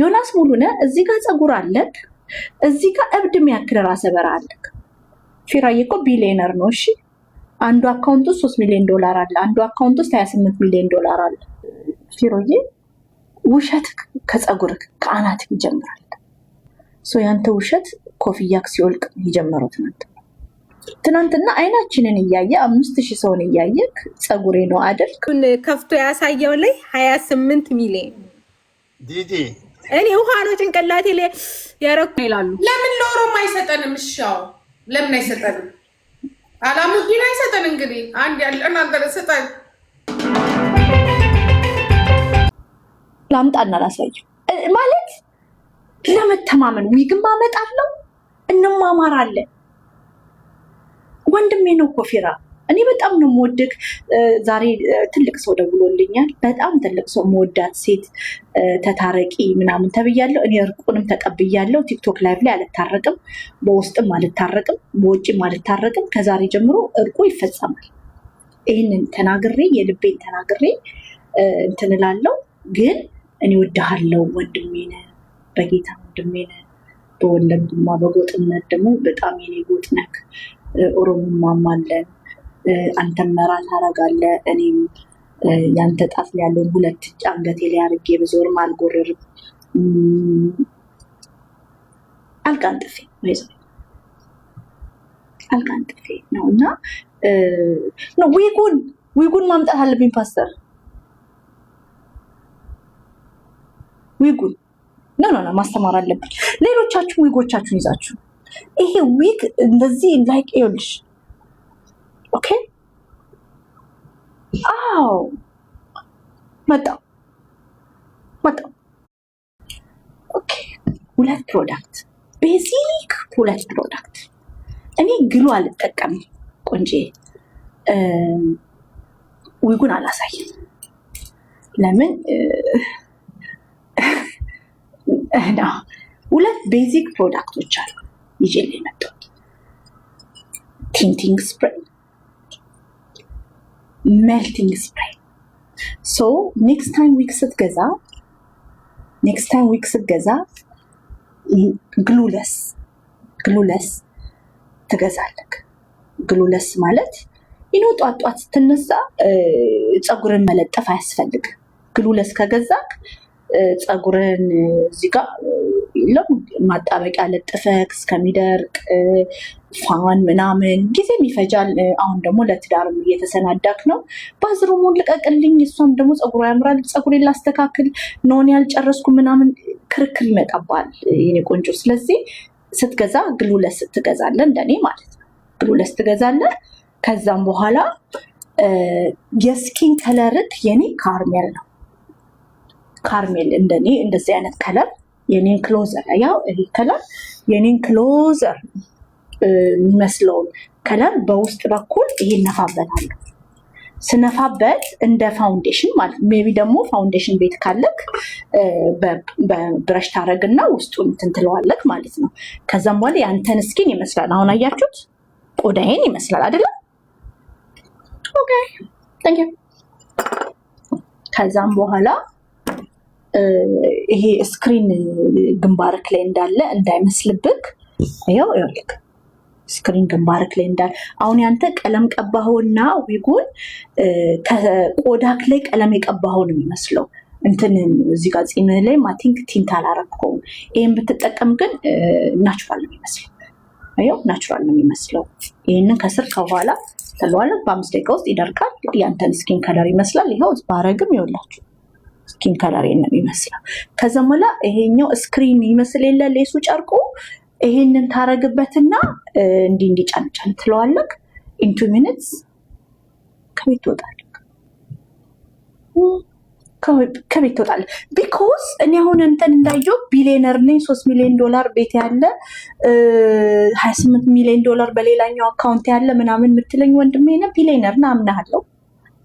ዮናስ ሙሉነ እዚህ ጋር ፀጉር አለክ፣ እዚህ ጋር እብድ የሚያክል ራሰ በራ አለክ። ፊራዬ እኮ ቢሊዮነር ነው። እሺ አንዱ አካውንት ውስጥ ሶስት ሚሊዮን ዶላር አለ። አንዱ አካውንት ውስጥ ሀያ ስምንት ሚሊዮን ዶላር አለ። ፊሮዬ ውሸት ከፀጉር ከአናት ይጀምራል። ያንተ ውሸት ኮፍያክ ሲወልቅ የጀመረው ትናንት ትናንትና አይናችንን እያየ አምስት ሺህ ሰውን እያየ ፀጉሬ ነው አደልክ ከፍቶ ያሳየው ላይ ሀያ ስምንት ሚሊዮን እኔ ውሃ ነው ጭንቅላቴ ላይ ያረኩ ይላሉ። ለምን ለኦሮሞ አይሰጠንም? እሻው ለምን አይሰጠንም? አላሙዲን አይሰጠን? እንግዲህ አንድ ያለን አንተ ስጠን። ላምጣና ላሳየው ማለት ለመተማመን ዊግም አመጣለሁ፣ እንማማራለን። ወንድሜ ነው ኮፊራ እኔ በጣም ነው የምወድቅ። ዛሬ ትልቅ ሰው ደውሎልኛል። በጣም ትልቅ ሰው መወዳት ሴት ተታረቂ ምናምን ተብያለሁ። እኔ እርቁንም ተቀብያለሁ። ቲክቶክ ላይቭ ላይ አልታረቅም፣ በውስጥም አልታረቅም፣ በውጭም አልታረቅም። ከዛሬ ጀምሮ እርቁ ይፈጸማል። ይህንን ተናግሬ የልቤን ተናግሬ እንትን እላለሁ። ግን እኔ ወድሃለሁ ወንድሜን፣ በጌታ ወንድሜን፣ በወለድማ በጎጥነት ደግሞ በጣም የኔ ጎጥ ነክ ኦሮሞማም አለን አንተ መራ ታረጋለህ፣ እኔም ያንተ ጣት ላይ ያለውን ሁለት እጅ አንገቴ ላይ አድርጌ ብዞርም አልጎርርም። አልቃንጥፌ አልቃንጥፌ ነው እና ዊጉን ዊጉን ማምጣት አለብኝ ፓስተር ዊጉን ኖ ኖ ኖ ማስተማር አለብኝ። ሌሎቻችሁ ዊጎቻችሁን ይዛችሁ ይሄ ዊግ እንደዚህ ላይቅ ይኸውልሽ ኦኬ አዎ መጣው መጣው። ኦኬ ሁለት ፕሮዳክት ቤዚክ ሁለት ፕሮዳክት። እኔ ግሉ አልጠቀም ቆንጆ ዊጉን አላሳይም። ለምን ሁለት ቤዚክ ፕሮዳክቶች አሉ ይዤ የመጣሁት ቲንቲንግ ስፕሬይ ሜልቲንግ ስፕሬይ ሶ ኔክስት ታይም ዊክ ስትገዛ ኔክስት ታይም ዊክ ስትገዛ ግሉለስ ግሉለስ ትገዛለክ። ግሉለስ ማለት ይኖ ጧት ጧት ስትነሳ ፀጉርን መለጠፍ አያስፈልግም። ግሉለስ ከገዛክ ፀጉርን እዚህ ጋር የለም ማጣበቂያ ለጥፈህ እስከሚደርቅ ፋን ምናምን ጊዜም ይፈጃል። አሁን ደግሞ ለትዳር እየተሰናዳክ ነው። ባዝሩሙን ልቀቅልኝ፣ እሷም ደግሞ ፀጉሯ ያምራል፣ ፀጉሬን ላስተካክል፣ ኖን ያልጨረስኩ ምናምን ክርክር ይመጣባል የኔ ቆንጆ። ስለዚህ ስትገዛ ግሉለስ ትገዛለህ፣ እንደኔ ማለት ነው። ግሉለስ ትገዛለህ። ከዛም በኋላ የስኪን ከለርት የኔ ካርሜል ነው ካርሜል እንደኔ እንደዚህ አይነት ከለር የኔን ክሎዘር ያው ይሄ ከለር የኔን ክሎዘር የሚመስለውን ከለር በውስጥ በኩል ይሄን ነፋበታለሁ። ስነፋበት እንደ ፋውንዴሽን ማለት ሜቢ ደግሞ ፋውንዴሽን ቤት ካለክ በብረሽ ታረግና ውስጡን እንትን ትለዋለክ ማለት ነው። ከዛም በኋላ የአንተን ስኪን ይመስላል። አሁን አያችሁት? ቆዳዬን ይመስላል አይደለም? ኦኬ፣ ታንክ ዩ። ከዛም በኋላ ይሄ ስክሪን ግንባርክ ላይ እንዳለ እንዳይመስልብክ። ው ልክ ስክሪን ግንባርክ ላይ እንዳለ አሁን ያንተ ቀለም ቀባኸውና ዊጉን ከቆዳክ ላይ ቀለም የቀባኸው ነው የሚመስለው። እንትን እዚህ ጋር ፂም ላይ ማቲንክ ቲንት አላረፍከውም። ይህን ብትጠቀም ግን ናቹራል ነው የሚመስለው። ያው ናቹራል ነው የሚመስለው። ይህንን ከስር ከኋላ ተለዋለ በአምስት ደቂቃ ውስጥ ይደርቃል። ያንተን ስኪን ከለር ይመስላል። ይኸው ባረግም ይወላችሁ ስኪን ከለር ነው የሚመስለው። ከዛም በኋላ ይሄኛው ስክሪን ይመስል የለ ሌሱ ጨርቁ ይሄንን ታረግበትና እንዲ እንዲጫንጫን ትለዋለክ። ኢንቱ ሚኒትስ ከቤት ትወጣለህ፣ ከቤት ትወጣለ። ቢኮዝ እኔ አሁን እንትን እንዳየው ቢሊዮነር ነኝ፣ ሶስት ሚሊዮን ዶላር ቤት ያለ ሀያ ስምንት ሚሊዮን ዶላር በሌላኛው አካውንት ያለ ምናምን የምትለኝ ወንድሜ ነህ፣ ቢሊዮነር ነህ፣ አምናለው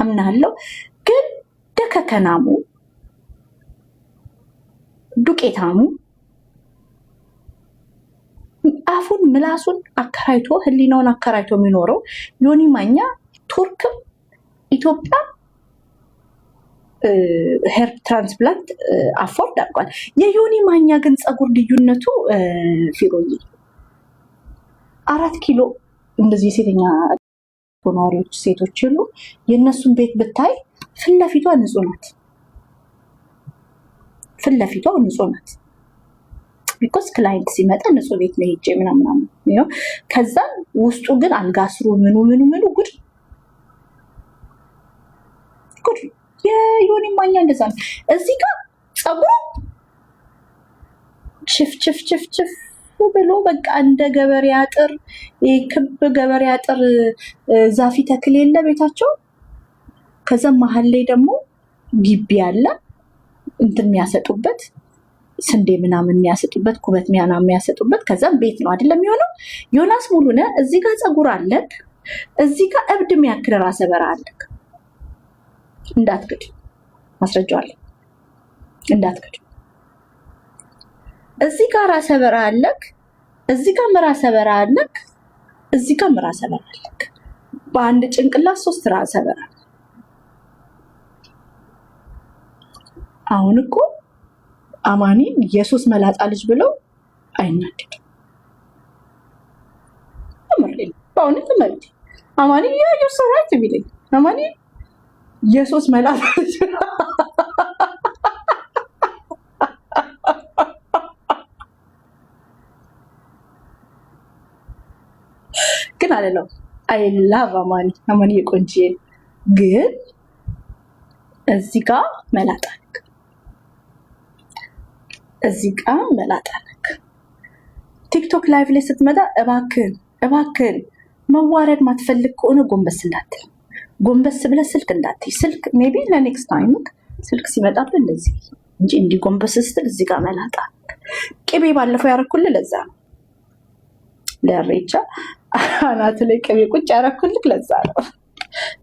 አምናሃለሁ ግን ደከከናሙ ዱቄታሙ አፉን ምላሱን አከራይቶ ህሊናውን አከራይቶ የሚኖረው ዮኒ ማኛ ቱርክም ኢትዮጵያ ሄር ትራንስፕላንት አፎርድ አድርጓል። የዮኒ ማኛ ግን ፀጉር ልዩነቱ ፊሮይ አራት ኪሎ እንደዚህ የሴተኛ ነዋሪዎች ሴቶች የሉ የእነሱን ቤት ብታይ ፊት ለፊቷ ንጹህ ናት። ፊት ለፊቷ ንጹህ ናት። ቢኮዝ ክላይንት ሲመጣ ንጹህ ቤት ነው ሄጄ ምናምናምን። ከዛም ውስጡ ግን አልጋ ስሩ ምኑ ምኑ ምኑ ጉድ ጉድ የዮኒ ማኛ እንደዛ ነው። እዚህ ጋር ጸጉሩ ችፍችፍችፍችፍ ብሎ በቃ እንደ ገበሬ አጥር ክብ ገበሬ አጥር ዛፊ ተክል የለ ቤታቸው። ከዛ መሀል ላይ ደግሞ ግቢ አለ። እንትን የሚያሰጡበት ስንዴ ምናምን የሚያሰጡበት ኩበት ሚያና የሚያሰጡበት ከዛም ቤት ነው አይደለም የሚሆነው። ዮናስ ሙሉነ እዚህ ጋር ፀጉር አለክ፣ እዚህ ጋር እብድ የሚያክል ራሰ በራ አለክ። እንዳትክድ ማስረጃዋለሁ። እንዳትክድ እዚህ ጋር ራሰ በራ አለክ፣ እዚህ ጋር ራሰ በራ አለክ፣ እዚህ ጋር ራሰ በራ አለክ። በአንድ ጭንቅላት ሶስት ራሰ በራ አሁን እኮ አማኒን የሱስ መላጣ ልጅ ብለው አይናደድም። በእውነት መብት አማኒ አማኒ መላጣ ልጅ ግን አለለው አማኒ አማኒ ግን እዚህ ጋር መላጣ ከዚህ ቃ መላጣ ነክ ቲክቶክ ላይቭ ላይ ስትመጣ እባክን እባክን መዋረድ ማትፈልግ ከሆነ ጎንበስ እንዳትል፣ ጎንበስ ብለ ስልክ እንዳትይ። ስልክ ቢ ለኔክስት ታይም ስልክ ሲመጣት እንደዚህ እንጂ እንዲህ ጎንበስ ስትል እዚህ ጋ መላጣ ቅቤ ባለፈው ያረኩልህ ለዛ ነው ለሬቻ አናት ላይ ቅቤ ቁጭ ያረኩልህ ለዛ ነው።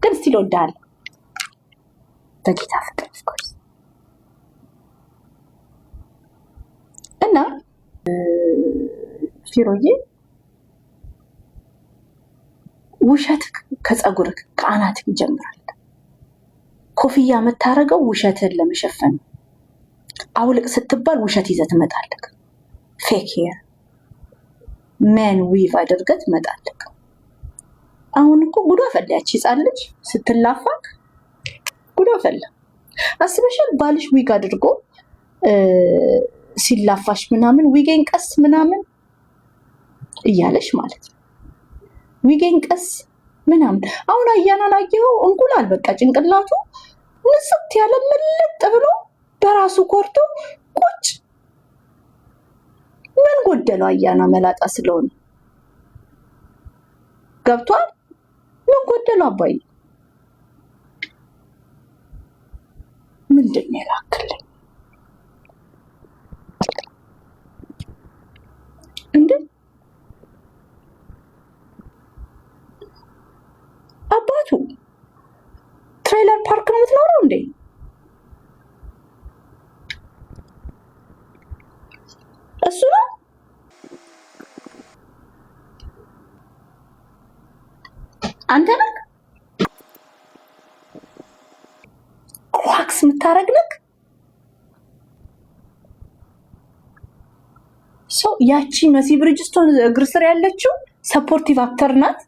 ግን ስቲል ወዳለ በጌታ ፍቅር ፊሮዬ ውሸት ከፀጉር ከአናት ይጀምራል። ኮፍያ የምታደርገው ውሸትን ለመሸፈን ነው። አውልቅ ስትባል ውሸት ይዘህ ትመጣለህ። ፌክ ሄር መን ዊቭ አድርገህ ትመጣለህ። አሁን እኮ ጉዷ ፈላያች ሕፃን ልጅ ስትላፋክ ጉዷ ፈላ። አስበሻል? ባልሽ ዊግ አድርጎ ሲላፋሽ ምናምን ዊጌን ቀስ ምናምን እያለች ማለት ነው። ዊጌን ቀስ ምናምን አሁን አያና አየኸው? እንቁላል በቃ ጭንቅላቱ ንስት ያለ ምልጥ ብሎ በራሱ ኮርቶ ቁጭ። ምን ጎደለው? አያና መላጣ ስለሆነ ገብቷል። ምን ጎደለው? አባይ ምንድን ነው የላክልኝ አባቱ ትሬለር ፓርክ ነው የምትኖረው እንዴ? እሱ ነው አንተ ነህ ኳክስ የምታረግ ነህ። ሰው ያቺ መሲ ብርጅስቶን እግር ስር ያለችው ሰፖርቲቭ አክተር ናት።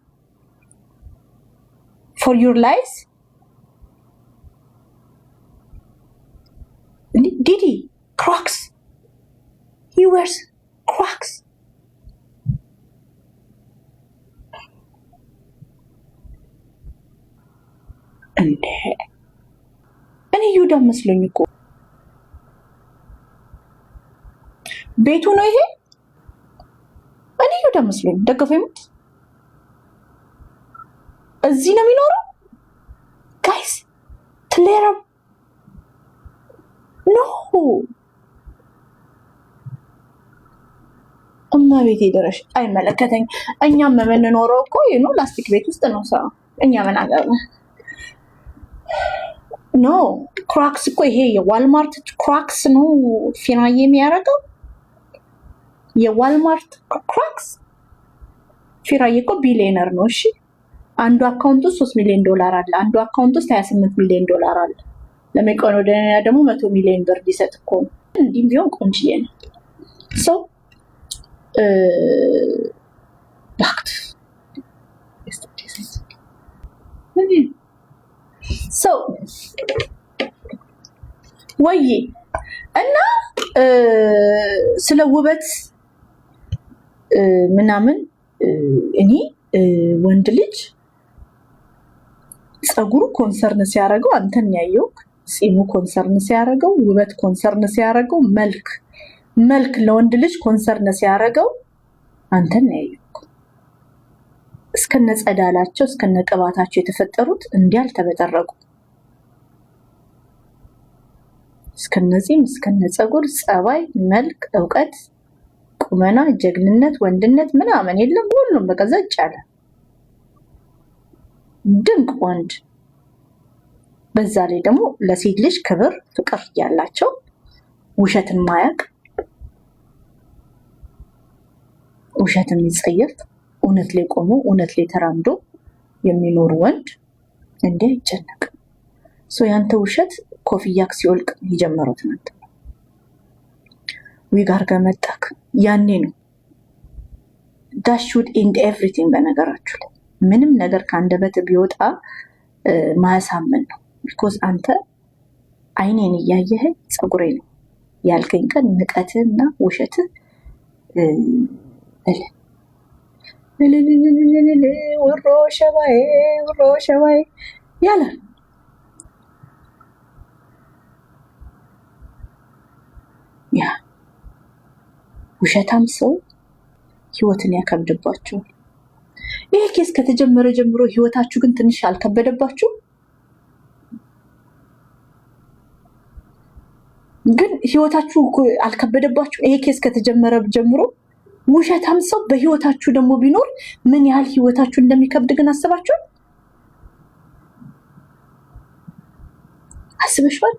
for your lies? Did he? Crocs. He wears Crocs. And, uh, and you don't miss Lunico. ቤቱ ነው ይሄ እኔ ወደ መስሎኝ ደገፈ ይሙት እዚህ ነው የሚኖረው ጋይስ ትሌረም ኖ እና ቤት ደረሽ አይመለከተኝ። እኛም የምንኖረው እኮ ይኖ ላስቲክ ቤት ውስጥ ነው ሰው እኛ ምን አገር ኖ ክራክስ እኮ ይሄ የዋልማርት ክራክስ ነው ፊናዬ የሚያደርገው የዋልማርት ክራክስ ፊራዬ እኮ ቢሊዮነር ነው። እሺ አንዱ አካውንት ውስጥ ሶስት ሚሊዮን ዶላር አለ። አንዱ አካውንት ውስጥ ሀያ ስምንት ሚሊዮን ዶላር አለ። ለመቄዶንያ ደግሞ መቶ ሚሊዮን ብር ሊሰጥ እኮ ነው። እንዲህም ቢሆን ቆንጅዬ ነው ሰው ሰው ወይ እና ስለ ውበት ምናምን እኔ ወንድ ልጅ ፀጉሩ ኮንሰርን ሲያደርገው አንተን ያየው፣ ፂሙ ኮንሰርን ሲያደርገው፣ ውበት ኮንሰርን ሲያደርገው፣ መልክ መልክ ለወንድ ልጅ ኮንሰርን ሲያደርገው አንተን ያየው። እስከነ ጸዳላቸው እስከነ ቅባታቸው የተፈጠሩት እንዲህ አልተበጠረቁ። እስከነዚህም እስከነ ፀጉር፣ ጸባይ፣ መልክ፣ እውቀት፣ ቁመና፣ ጀግንነት፣ ወንድነት ምናምን የለም ሁሉም በቃ ዘጭ አለ። ድንቅ ወንድ በዛ ላይ ደግሞ ለሴት ልጅ ክብር ፍቅር ያላቸው ውሸትን ማያቅ ውሸት የሚጸየፍ እውነት ላይ ቆሞ እውነት ላይ ተራምዶ የሚኖር ወንድ እንዲ አይጨነቅ። ያንተ ውሸት ኮፍያክ ሲወልቅ የጀመረው ትናንት ጋር ገመጣክ ያኔ ነው ዳሽውድ ኢንድ ኤቭሪቲንግ በነገራችሁ ላይ ምንም ነገር ከአንደበት ቢወጣ ማያሳምን ነው። ቢኮዝ አንተ አይኔን እያየህ ፀጉሬ ነው ያልከኝ ቀን ንቀትህና ውሸትህ ውሮ ሸባዬ ውሮ ሸባዬ ያላል ያ ውሸታም ሰው ህይወትን ያከብድባቸዋል። ይህ ኬስ ከተጀመረ ጀምሮ ህይወታችሁ ግን ትንሽ አልከበደባችሁ? ግን ህይወታችሁ አልከበደባችሁም? ይሄ ኬስ ከተጀመረ ጀምሮ ውሸታም ሰው በህይወታችሁ ደግሞ ቢኖር ምን ያህል ህይወታችሁ እንደሚከብድ ግን አስባችኋል? አስበሽዋል?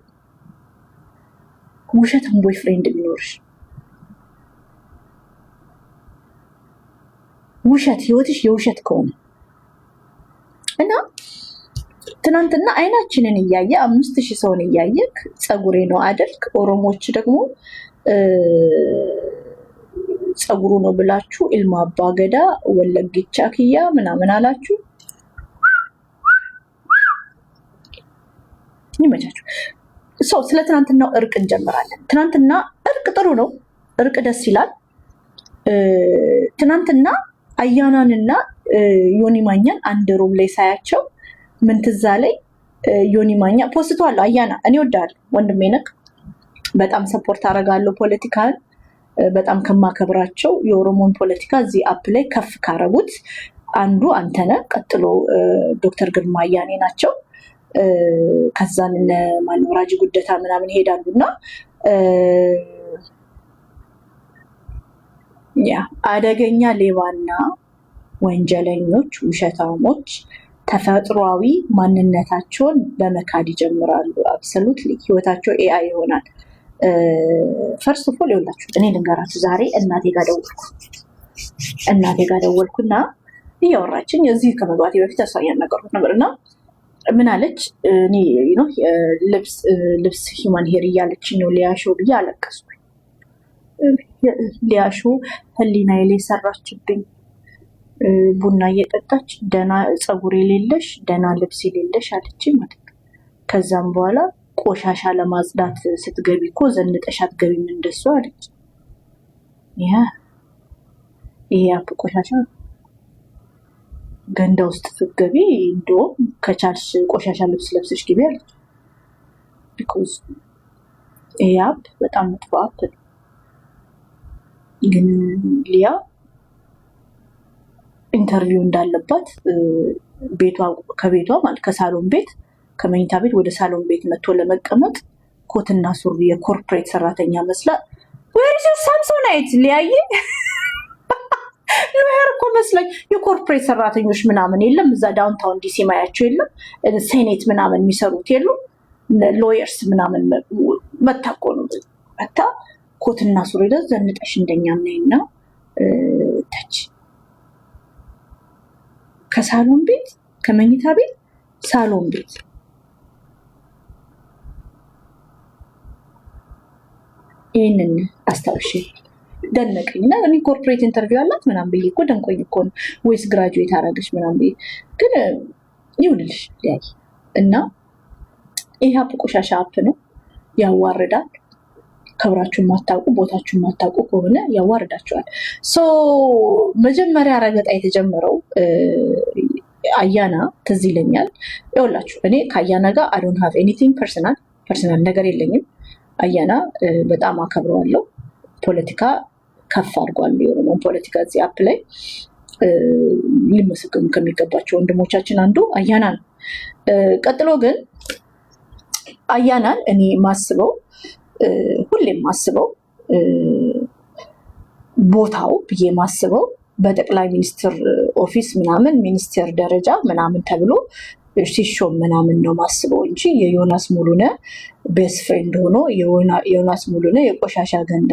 ውሸታም ቦይፍሬንድ ቢኖርሽ ውሸት ህይወትሽ የውሸት ከሆነ እና ትናንትና አይናችንን እያየ አምስት ሺህ ሰውን እያየክ ፀጉሬ ነው አደልክ። ኦሮሞዎች ደግሞ ፀጉሩ ነው ብላችሁ ኢልማ አባገዳ ወለጌቻ ክያ ምናምን አላችሁ። ይመቻችሁ። ሰው ስለ ትናንትናው እርቅ እንጀምራለን። ትናንትና እርቅ ጥሩ ነው። እርቅ ደስ ይላል። ትናንትና አያናንና ዮኒ ማኛን አንድ ሩም ላይ ሳያቸው ምን ትዛ ላይ ዮኒ ማኛ ፖስቶ አለው። አያና እኔ ወዳለ ወንድሜ ነህ፣ በጣም ሰፖርት አደርጋለሁ። ፖለቲካን በጣም ከማከብራቸው የኦሮሞን ፖለቲካ እዚህ አፕ ላይ ከፍ ካረጉት አንዱ አንተነ ቀጥሎ ዶክተር ግርማ አያኔ ናቸው። ከዛን እነ ማነው ራጅ ጉደታ ምናምን ይሄዳሉ እና ያ አደገኛ ሌባና ወንጀለኞች ውሸታሞች ተፈጥሯዊ ማንነታቸውን በመካድ ይጀምራሉ። አብሶሉት ህይወታቸው ኤአይ ይሆናል። ፈርስት ኦፍ ኦል ይኸውላችሁ እኔ ልንገራችሁ፣ ዛሬ እናቴ ጋር ደወልኩ። እናቴ ጋር ደወልኩና እያወራችን የዚህ ከመግባቴ በፊት እሷ እያናገርኩት ነበር እና ምን አለች? ልብስ ሂማን ሄር እያለች ነው ሊያሾ ብዬ አለቀስኩ። ሊያሹ ህሊና የሌ ሰራችብኝ። ቡና እየጠጣች ደና ፀጉር የሌለሽ ደና ልብስ የሌለሽ አለች ማለት ነው። ከዛም በኋላ ቆሻሻ ለማጽዳት ስትገቢ እኮ ዘንጠሽ አትገቢም እንደሱ አለች። ይህ አፕ ቆሻሻ ገንዳ ውስጥ ስትገቢ እንዲሁም ከቻልሽ ቆሻሻ ልብስ ለብሰሽ ግቢ አለች። ቢኮዝ ይህ አፕ በጣም መጥፎ አፕ ነው። ግን ሊያ ኢንተርቪው እንዳለባት ከቤቷ ማለት ከሳሎን ቤት ከመኝታ ቤት ወደ ሳሎን ቤት መጥቶ ለመቀመጥ ኮትና ሱሪ የኮርፖሬት ሰራተኛ መስላ ወይስ ሳምሶናይት ሊያየ ሎየር እኮ መስላኝ። የኮርፖሬት ሰራተኞች ምናምን የለም እዛ ዳውንታውን ዲሲ ማያቸው የለም ሴኔት ምናምን የሚሰሩት የሉ ሎየርስ ምናምን መታ ነው መታ ኮትና ሱሪ ደስ ዘንጠሽ እንደኛ ነይና ተች ከሳሎን ቤት ከመኝታ ቤት ሳሎን ቤት ይህንን አስታውሽ ደነቀኝ እና እኔ ኮርፖሬት ኢንተርቪው አላት ምናም ብዬ እኮ ደንቆኝ እኮ ነው ወይስ ግራጁዌት አረገች ምናም ብዬ ግን ይሁንልሽ ያይ እና ይህ አፕ ቆሻሻ አፕ ነው ያዋርዳል ክብራችሁን ማታውቁ ቦታችሁን ማታውቁ ከሆነ ያዋርዳቸዋል። መጀመሪያ ረገጣ የተጀመረው አያና ትዝ ይለኛል። ይኸውላችሁ እኔ ከአያና ጋር አዶን ሀቭ ኤኒቲንግ ፐርሰናል ፐርሰናል ነገር የለኝም። አያና በጣም አከብረዋለሁ። ፖለቲካ ከፍ አድርጓል። የኦሮሞን ፖለቲካ እዚህ አፕ ላይ ሊመሰገኑ ከሚገባቸው ወንድሞቻችን አንዱ አያና ነው። ቀጥሎ ግን አያናን እኔ ማስበው ሁሌም ማስበው ቦታው ብዬ ማስበው በጠቅላይ ሚኒስትር ኦፊስ ምናምን ሚኒስቴር ደረጃ ምናምን ተብሎ ሲሾም ምናምን ነው ማስበው እንጂ የዮናስ ሙሉነ ቤስ ፍሬንድ ሆኖ ዮናስ ሙሉነ የቆሻሻ ገንዳ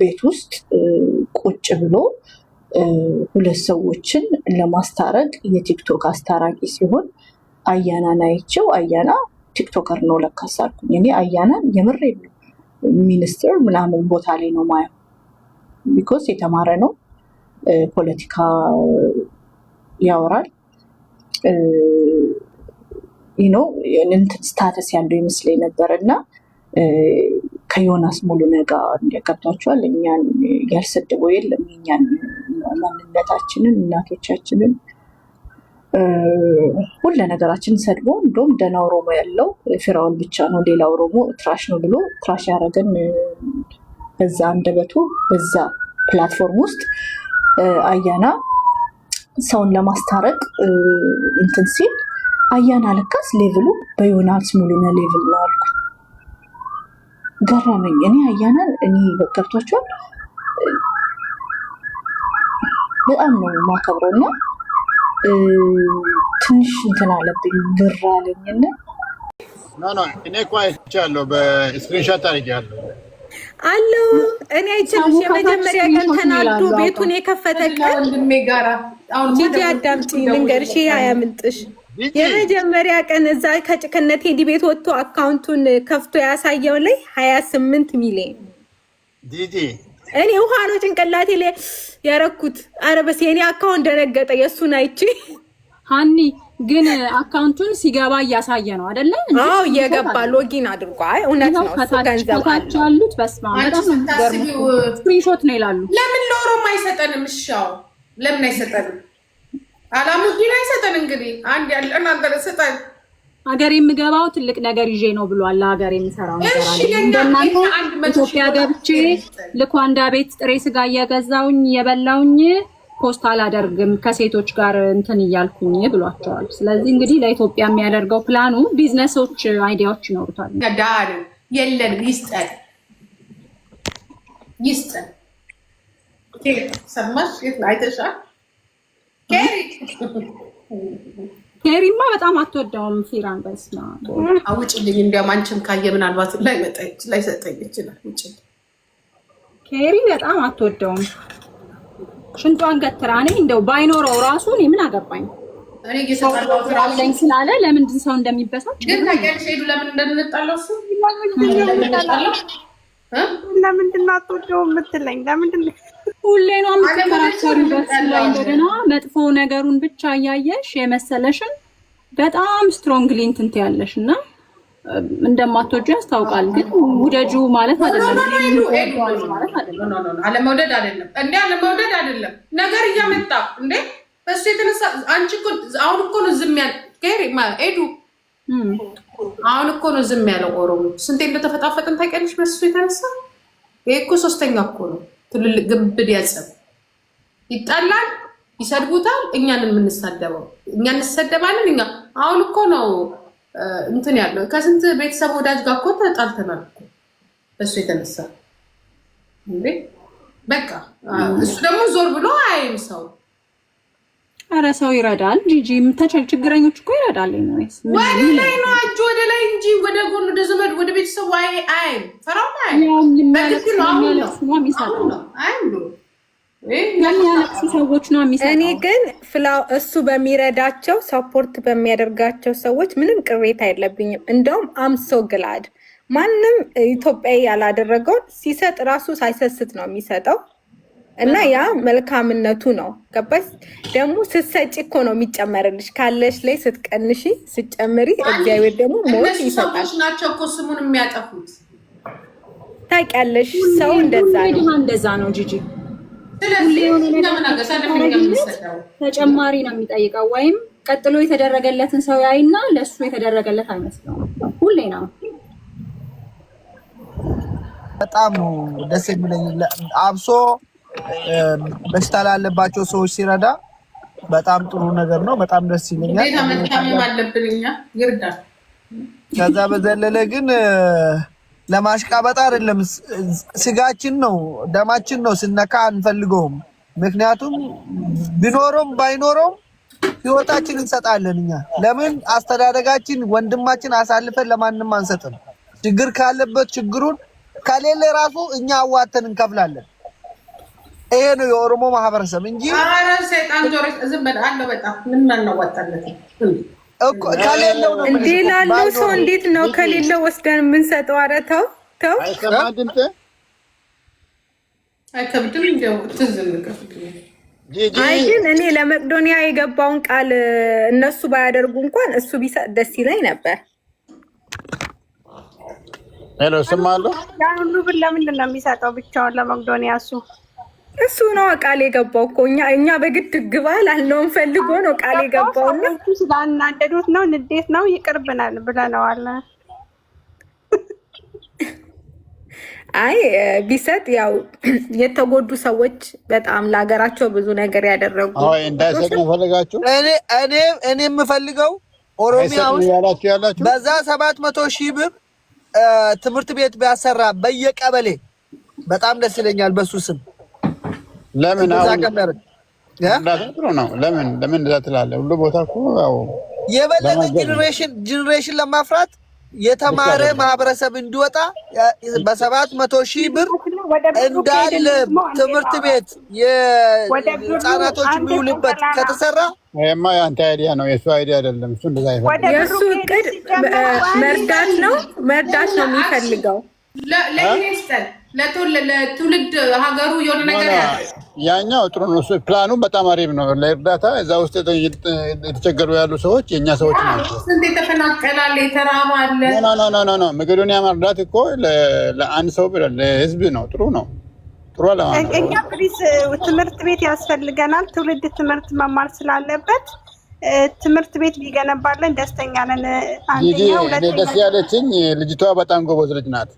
ቤት ውስጥ ቁጭ ብሎ ሁለት ሰዎችን ለማስታረቅ የቲክቶክ አስታራቂ ሲሆን አያናን ናይቸው አያና ቲክቶከር ነው ለካስ አልኩኝ። እኔ አያናን የምሬ ነው ሚኒስትር ምናምን ቦታ ላይ ነው ማየው። ቢኮስ የተማረ ነው፣ ፖለቲካ ያወራል ነው እንትን ስታተስ ያለው ይመስለኝ ነበር እና ከዮናስ ሙሉ ነጋ እንዲያቀብታቸዋል እኛን ያልሰደበው የለም። የኛን ማንነታችንን እናቶቻችንን ሁለ ነገራችን ሰድቦ እንደውም ደህና ኦሮሞ ያለው ፌራውል ብቻ ነው፣ ሌላ ኦሮሞ ትራሽ ነው ብሎ ትራሽ ያደረገን በዛ አንደበቱ በዛ ፕላትፎርም ውስጥ አያና ሰውን ለማስታረቅ እንትን ሲል አያና ለካስ ሌቭሉ በዮናስ ሙሉነ ሌቭል ነው አልኩ። ገረመኝ። እኔ አያናን እኔ ገብቷቸዋል በጣም ነው የማከብረው እና ትንሽ እንትን አለብኝ ብር ና እኔ እኮ አይቻለሁ፣ በስክሪንሻት አድርጌያለሁ አለው እኔ አይችልሽ። የመጀመሪያ ቀን ተናዶ ቤቱን የከፈተ ቀን ጂጂ አዳምጪ ልንገርሽ፣ አያምልጥሽ። የመጀመሪያ ቀን እዛ ከነ ቴዲ ቤት ወጥቶ አካውንቱን ከፍቶ ያሳየው ላይ ሀያ ስምንት ሚሊዮን ጂጂ እኔ ውሃ ነው ጭንቅላቴ ላይ ያረኩት። አረበስ የኔ አካውንት ደነገጠ የእሱን አይቼ ሀኒ ግን አካውንቱን ሲገባ እያሳየ ነው አይደለ? አዎ እየገባ ሎጊን አድርጎ። አይ እውነት ነው ገንዘብ ያሉት በስማ ስክሪንሾት ነው ይላሉ። ለምን ለኦሮሞ አይሰጠንም? እሻው ለምን አይሰጠንም? አላሙዲን አይሰጠን። እንግዲህ አንድ ያለን ሀገር ስጠን። ሀገር የምገባው ትልቅ ነገር ይዤ ነው ብሏል። ለሀገር የምሰራው ኢትዮጵያ ገብቼ ልኳንዳ ቤት ጥሬ ስጋ እየገዛውኝ እየበላውኝ ፖስት አላደርግም ከሴቶች ጋር እንትን እያልኩኝ ብሏቸዋል። ስለዚህ እንግዲህ ለኢትዮጵያ የሚያደርገው ፕላኑ ቢዝነሶች አይዲያዎች ይኖሩታል። ዳር የለንም ይስጠን ይስጠን። ሰማሽ? አይተሻል። ኬሪማ በጣም አትወደውም ፊራን። በስማ ውጭልኝ። እንዲያውም አንቺም ካየ ምናልባት ላይሰጠኝ ይችላል። ውጭ ኬሪ በጣም አትወደውም ሽንጧን ገትራ እኔ እንደው ባይኖረው ራሱ እኔ ምን አገባኝ አለኝ ስላለ ለምንድን ሰው እንደሚበሳጭ ግን ታውቂያለሽ ሄዱ ለምን እንደምንጣለው እሱ ለምንድን ነው አትወደው የምትለኝ ለምንድን ነው ሁሌ ነው የምትከራከሪበት ላይ እንደገና መጥፎ ነገሩን ብቻ እያየሽ የመሰለሽን በጣም ስትሮንግሊ እንትን ትያለሽ እና እንደማትወጁ ያስታውቃል። ግን ውደጁ ማለት አይደለም፣ አለመውደድ አይደለም። እንደ አለመውደድ አይደለም ነገር እያመጣ እንዴ እሱ የተነሳ አንቺ እኮ አሁን እኮ ነው ዝም ያለ ኤዱ አሁን እኮ ነው ዝም ያለው ኦሮሞ። ስንቴ እንደተፈጣፈጥን ታውቂያለሽ? በሱ የተነሳ ይሄ እኮ ሶስተኛ እኮ ነው ትልልቅ ግብድ ያጸብ ይጣላል፣ ይሰድቡታል። እኛን የምንሳደበው እኛ እንሰደባለን። እኛ አሁን እኮ ነው እንትን ያለው ከስንት ቤተሰብ ወዳጅ ጋር እኮ ተጣልተናል እኮ በእሱ የተነሳ በቃ እሱ ደግሞ ዞር ብሎ አይም ሰው አረ ሰው ይረዳል። ጂጂ የምታቻል ችግረኞች እኮ ይረዳል። ወይስ ወደ ላይ ነው እጅ ወደ ላይ እንጂ ወደ ጎን፣ ወደ ዘመድ፣ ወደ ቤተሰብ አይ አይም ፈራማ አይም በግድ ነው። አሁን ነው አሁን ነው አይም ሰዎች ነው እኔ ግን ፍላው እሱ በሚረዳቸው ሰፖርት በሚያደርጋቸው ሰዎች ምንም ቅሬታ የለብኝም። እንደውም አምሶ ግላድ ማንም ኢትዮጵያዊ ያላደረገውን ሲሰጥ ራሱ ሳይሰስት ነው የሚሰጠው እና ያ መልካምነቱ ነው። ገባሽ? ደግሞ ስትሰጪ እኮ ነው የሚጨመርልሽ። ካለሽ ላይ ስትቀንሺ ስትጨምሪ፣ እግዚአብሔር ደግሞ ሞት ይሰጣል። ናቸው እኮ ስሙን የሚያጠፉት ታውቂያለሽ። ሰው እንደዛ ነው እንደዛ ነው ጂጂ ተጨማሪ ነው የሚጠይቀው ወይም ቀጥሎ የተደረገለትን ሰው ያይና ለእሱ የተደረገለት አይመስለውም። ሁሌ ነው በጣም ደስ የሚለኝ አብሶ በሽታ ላለባቸው ሰዎች ሲረዳ በጣም ጥሩ ነገር ነው። በጣም ደስ ይለኛል። ከዛ በዘለለ ግን ለማሽቃበጥ አይደለም። ስጋችን ነው፣ ደማችን ነው። ስነካ አንፈልገውም። ምክንያቱም ቢኖረውም ባይኖረውም ህይወታችን እንሰጣለን። እኛ ለምን አስተዳደጋችን ወንድማችን አሳልፈን ለማንም አንሰጥም። ችግር ካለበት ችግሩን ከሌለ ራሱ እኛ አዋተን እንከፍላለን። ይሄ ነው የኦሮሞ ማህበረሰብ እንጂ ሰይጣን ጆሮ ዝም በል አለው። በጣም ምን እንዴ ላለው ሰው እንዴት ነው ከሌለው ወስደን የምንሰጠው? ኧረ ተው ተው። አይ ግን እኔ ለመቅዶኒያ የገባውን ቃል እነሱ ባያደርጉ እንኳን እሱ ቢሰጥ ደስ ይለኝ ነበር። ሄሎ አለው ያ ሁሉ ብር ለምንድን ነው የሚሰጠው? ብቻውን ለመቅዶኒያ እሱ እሱ ነው ቃል የገባው እኮ እኛ እኛ በግድ ግባል ላለውን ፈልጎ ነው ቃል የገባው። ስላናደዱት ነው ንዴት ነው ይቅርብናል ብለነዋል። አይ ቢሰጥ ያው የተጎዱ ሰዎች በጣም ለሀገራቸው ብዙ ነገር ያደረጉ እንዳይሰቅሉ ፈልጋችሁ እኔ የምፈልገው ኦሮሚያ ውስጥ በዛ ሰባት መቶ ሺህ ብር ትምህርት ቤት ቢያሰራ በየቀበሌ በጣም ደስ ይለኛል በሱ ስም ለምን ለምን ለምን እንደዛ ትላለህ? ሁሉ ቦታ እኮ ያው የበለጠ ጄኔሬሽን ጄኔሬሽን ለማፍራት የተማረ ማህበረሰብ እንዲወጣ በሰባት መቶ ሺህ ብር እንዳለ ትምህርት ቤት የህፃናቶች የሚውልበት ከተሰራ ማ የአንተ አይዲያ ነው፣ የእሱ አይዲያ አይደለም። እሱ እንደዛ ይፈልጋል። የእሱ እቅድ መርዳት ነው መርዳት ነው የሚፈልገው ለትውልድ ሀገሩ የሆነ ነገር ያኛው ጥሩ ነው። ፕላኑ በጣም አሪፍ ነው። ለእርዳታ እዛ ውስጥ የተቸገሩ ያሉ ሰዎች የእኛ ሰዎች ናቸው። መቄዶኒያ መርዳት እኮ ለአንድ ሰው ለህዝብ ነው። ጥሩ ነው። ጥሩ እኛ ትምህርት ቤት ያስፈልገናል። ትውልድ ትምህርት መማር ስላለበት ትምህርት ቤት ቢገነባለን ደስተኛ ነን። ደስ ያለችኝ ልጅቷ በጣም ጎበዝ ልጅ ናት።